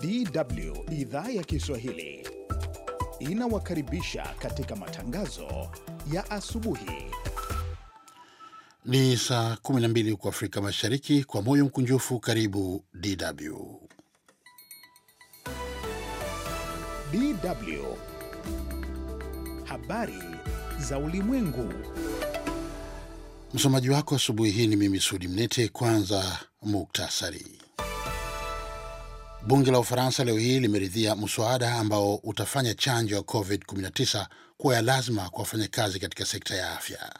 DW idhaa ya Kiswahili inawakaribisha katika matangazo ya asubuhi. Ni saa 12 huko Afrika Mashariki. Kwa moyo mkunjufu, karibu DW. DW habari za ulimwengu. Msomaji wako asubuhi hii ni mimi Sudi Mnete. Kwanza muktasari Bunge la Ufaransa leo hii limeridhia mswada ambao utafanya chanjo ya COVID-19 kuwa ya lazima kwa wafanyakazi katika sekta ya afya.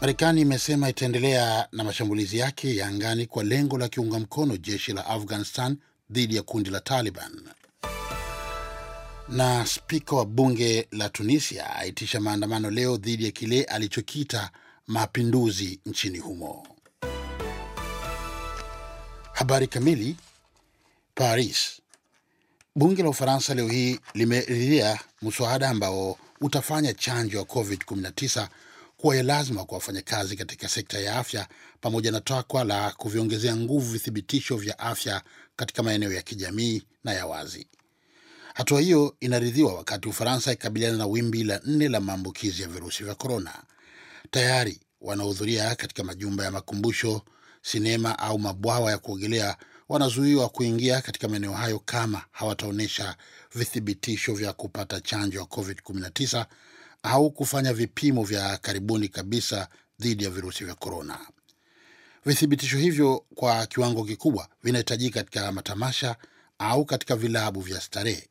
Marekani imesema itaendelea na mashambulizi yake ya angani kwa lengo la kiunga mkono jeshi la Afghanistan dhidi ya kundi la Taliban. Na spika wa bunge la Tunisia aitisha maandamano leo dhidi ya kile alichokiita mapinduzi nchini humo. Habari kamili. Paris. Bunge la Ufaransa leo hii limeridhia mswada ambao utafanya chanjo ya COVID-19 kuwa ya lazima kwa wafanyakazi katika sekta ya afya pamoja na takwa la kuviongezea nguvu vithibitisho vya afya katika maeneo ya kijamii na ya wazi. Hatua hiyo inaridhiwa wakati Ufaransa ikabiliana na wimbi la nne la maambukizi ya virusi vya korona. Tayari wanahudhuria katika majumba ya makumbusho sinema au mabwawa ya kuogelea wanazuiwa kuingia katika maeneo hayo kama hawataonyesha vithibitisho vya kupata chanjo ya COVID-19 au kufanya vipimo vya karibuni kabisa dhidi ya virusi vya korona. Vithibitisho hivyo kwa kiwango kikubwa vinahitajika katika matamasha au katika vilabu vya starehe,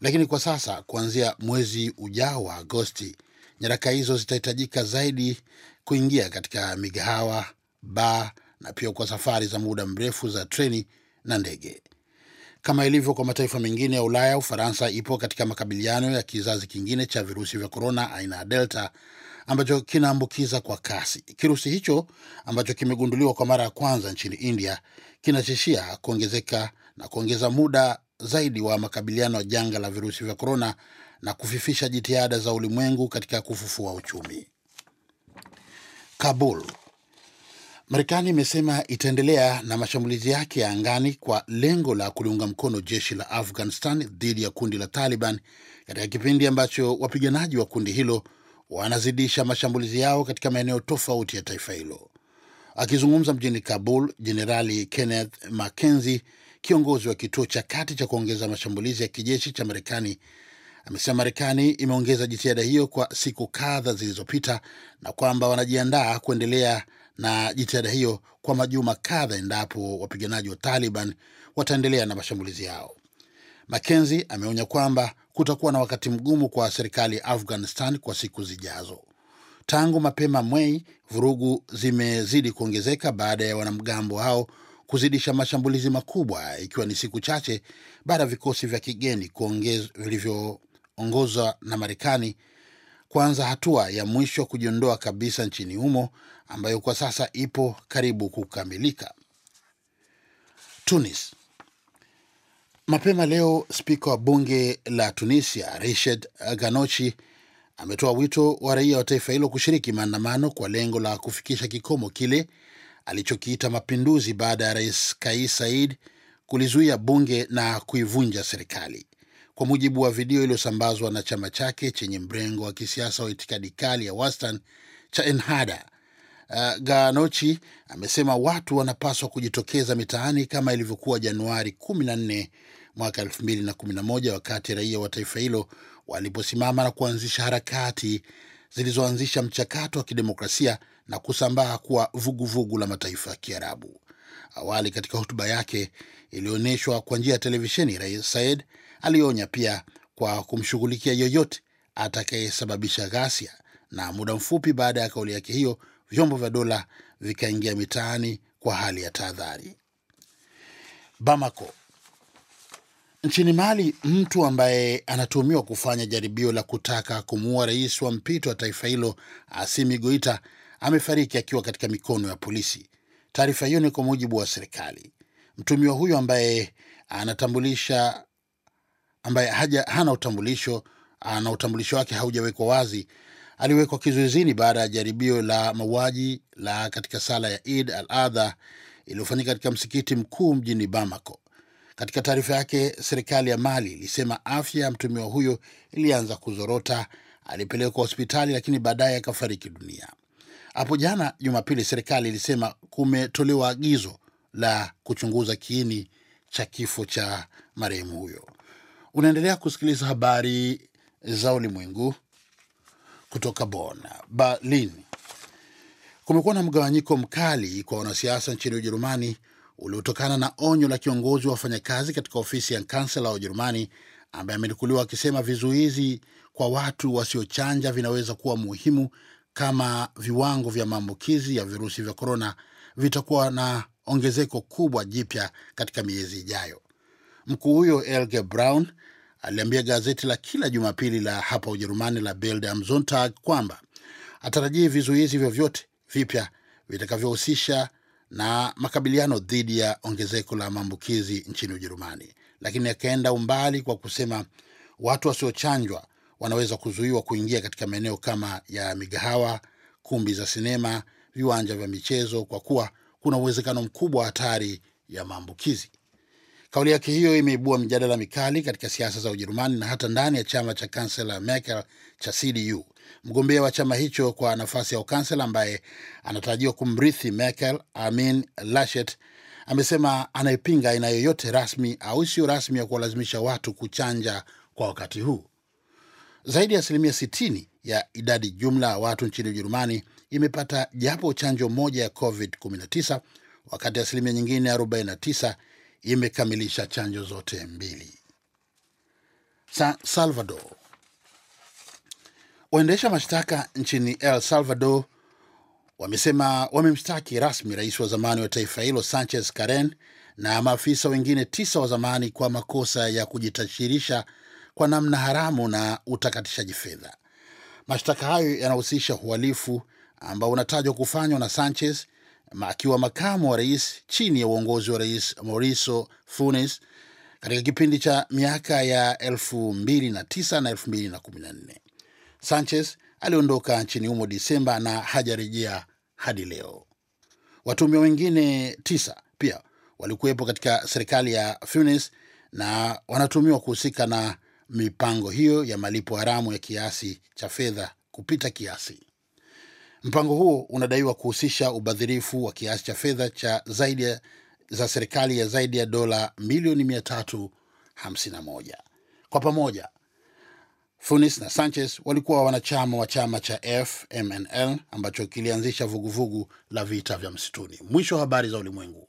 lakini kwa sasa, kuanzia mwezi ujao wa Agosti, nyaraka hizo zitahitajika zaidi kuingia katika migahawa, baa na pia kwa safari za muda mrefu za treni na ndege. Kama ilivyo kwa mataifa mengine ya Ulaya, Ufaransa ipo katika makabiliano ya kizazi kingine cha virusi vya korona aina ya Delta ambacho kinaambukiza kwa kasi. Kirusi hicho ambacho kimegunduliwa kwa mara ya kwanza nchini India kinatishia kuongezeka na kuongeza muda zaidi wa makabiliano ya janga la virusi vya korona na kufifisha jitihada za ulimwengu katika kufufua uchumi. Kabul Marekani imesema itaendelea na mashambulizi yake ya angani kwa lengo la kuliunga mkono jeshi la Afghanistan dhidi ya kundi la Taliban katika kipindi ambacho wapiganaji wa kundi hilo wanazidisha mashambulizi yao katika maeneo tofauti ya taifa hilo. Akizungumza mjini Kabul, Jenerali Kenneth Mackenzie, kiongozi wa kituo cha kati cha kuongeza mashambulizi ya kijeshi cha Marekani, amesema Marekani imeongeza jitihada hiyo kwa siku kadha zilizopita na kwamba wanajiandaa kuendelea na jitihada hiyo kwa majuma kadha endapo wapiganaji wa Taliban wataendelea na mashambulizi yao. Makenzi ameonya kwamba kutakuwa na wakati mgumu kwa serikali ya Afghanistan kwa siku zijazo. Tangu mapema Mei, vurugu zimezidi kuongezeka baada ya wanamgambo hao kuzidisha mashambulizi makubwa, ikiwa ni siku chache baada ya vikosi vya kigeni vilivyoongozwa na Marekani kuanza hatua ya mwisho kujiondoa kabisa nchini humo ambayo kwa sasa ipo karibu kukamilika. Tunis. Mapema leo spika wa bunge la Tunisia Rached ganochi ametoa wito wa raia wa taifa hilo kushiriki maandamano kwa lengo la kufikisha kikomo kile alichokiita mapinduzi baada ya rais Kais Saied kulizuia bunge na kuivunja serikali kwa mujibu wa video iliyosambazwa na chama chake chenye mrengo wa kisiasa wa itikadi kali ya wastan cha Ennahda. Uh, eh, Ganochi amesema watu wanapaswa kujitokeza mitaani kama ilivyokuwa Januari 14 mwaka 2011 wakati raia wa taifa hilo waliposimama na kuanzisha harakati zilizoanzisha mchakato wa kidemokrasia na kusambaa kuwa vuguvugu vugu la mataifa ya Kiarabu. Awali, katika hotuba yake iliyoonyeshwa kwa njia ya televisheni, Rais Said alionya pia kwa kumshughulikia yoyote atakayesababisha ghasia, na muda mfupi baada ya kauli yake hiyo vyombo vya dola vikaingia mitaani kwa hali ya tahadhari. Bamako nchini Mali, mtu ambaye anatuhumiwa kufanya jaribio la kutaka kumuua rais wa mpito wa taifa hilo Asimi Goita amefariki akiwa katika mikono ya polisi. Taarifa hiyo ni kwa mujibu wa serikali. Mtumiwa huyo ambaye anatambulisha ambaye haja, hana utambulisho na utambulisho wake haujawekwa wazi aliwekwa kizuizini baada ya jaribio la mauaji la katika sala ya Eid al-Adha iliyofanyika katika msikiti mkuu mjini Bamako. Katika taarifa yake, serikali ya Mali ilisema afya ya mtumiwa huyo ilianza kuzorota. Alipelekwa hospitali, lakini baadaye akafariki dunia. Hapo jana Jumapili, serikali ilisema kumetolewa agizo la kuchunguza kiini cha kifo cha marehemu huyo. Unaendelea kusikiliza habari za ulimwengu kutoka Bona. Berlin, kumekuwa na mgawanyiko mkali kwa wanasiasa nchini Ujerumani uliotokana na onyo la kiongozi wa wafanyakazi katika ofisi ya kansela wa Ujerumani ambaye amenukuliwa akisema vizuizi kwa watu wasiochanja vinaweza kuwa muhimu kama viwango vya maambukizi ya virusi vya korona vitakuwa na ongezeko kubwa jipya katika miezi ijayo. Mkuu huyo Elge Brown aliambia gazeti la kila Jumapili la hapa Ujerumani la Bild am Sonntag kwamba atarajii vizuizi vyovyote vipya vitakavyohusisha na makabiliano dhidi ya ongezeko la maambukizi nchini Ujerumani, lakini akaenda umbali kwa kusema watu wasiochanjwa wanaweza kuzuiwa kuingia katika maeneo kama ya migahawa, kumbi za sinema, viwanja vya michezo, kwa kuwa kuna uwezekano mkubwa wa hatari ya maambukizi. Kauli yake hiyo imeibua mjadala mikali katika siasa za Ujerumani na hata ndani ya chama cha kansela Merkel cha CDU. Mgombea wa chama hicho kwa nafasi ya ukansela ambaye anatarajiwa kumrithi Merkel, Armin Laschet, amesema anayepinga aina yoyote rasmi au isiyo rasmi ya kuwalazimisha watu kuchanja kwa wakati huu. Zaidi ya asilimia 60 ya idadi jumla ya watu nchini Ujerumani imepata japo chanjo moja ya COVID-19 wakati asilimia nyingine 49 imekamilisha chanjo zote mbili. San Salvador, waendesha mashtaka nchini El Salvador wamesema wamemshtaki rasmi rais wa zamani wa taifa hilo Sanchez caren na maafisa wengine tisa wa zamani kwa makosa ya kujitashirisha kwa namna haramu na utakatishaji fedha. Mashtaka hayo yanahusisha uhalifu ambao unatajwa kufanywa na Sanchez akiwa makamu wa rais chini ya uongozi wa rais Mauricio Funes katika kipindi cha miaka ya 2009 na 2014. Sanchez aliondoka nchini humo Disemba na hajarejea hadi leo. Watumia wengine tisa pia walikuwepo katika serikali ya Funes na wanatumiwa kuhusika na mipango hiyo ya malipo haramu ya kiasi cha fedha kupita kiasi. Mpango huo unadaiwa kuhusisha ubadhirifu wa kiasi cha fedha cha zaidi ya, za serikali ya zaidi ya dola milioni 351. Kwa pamoja Funis na Sanchez walikuwa wanachama wa chama cha FMNL ambacho kilianzisha vuguvugu la vita vya msituni. Mwisho wa habari za ulimwengu.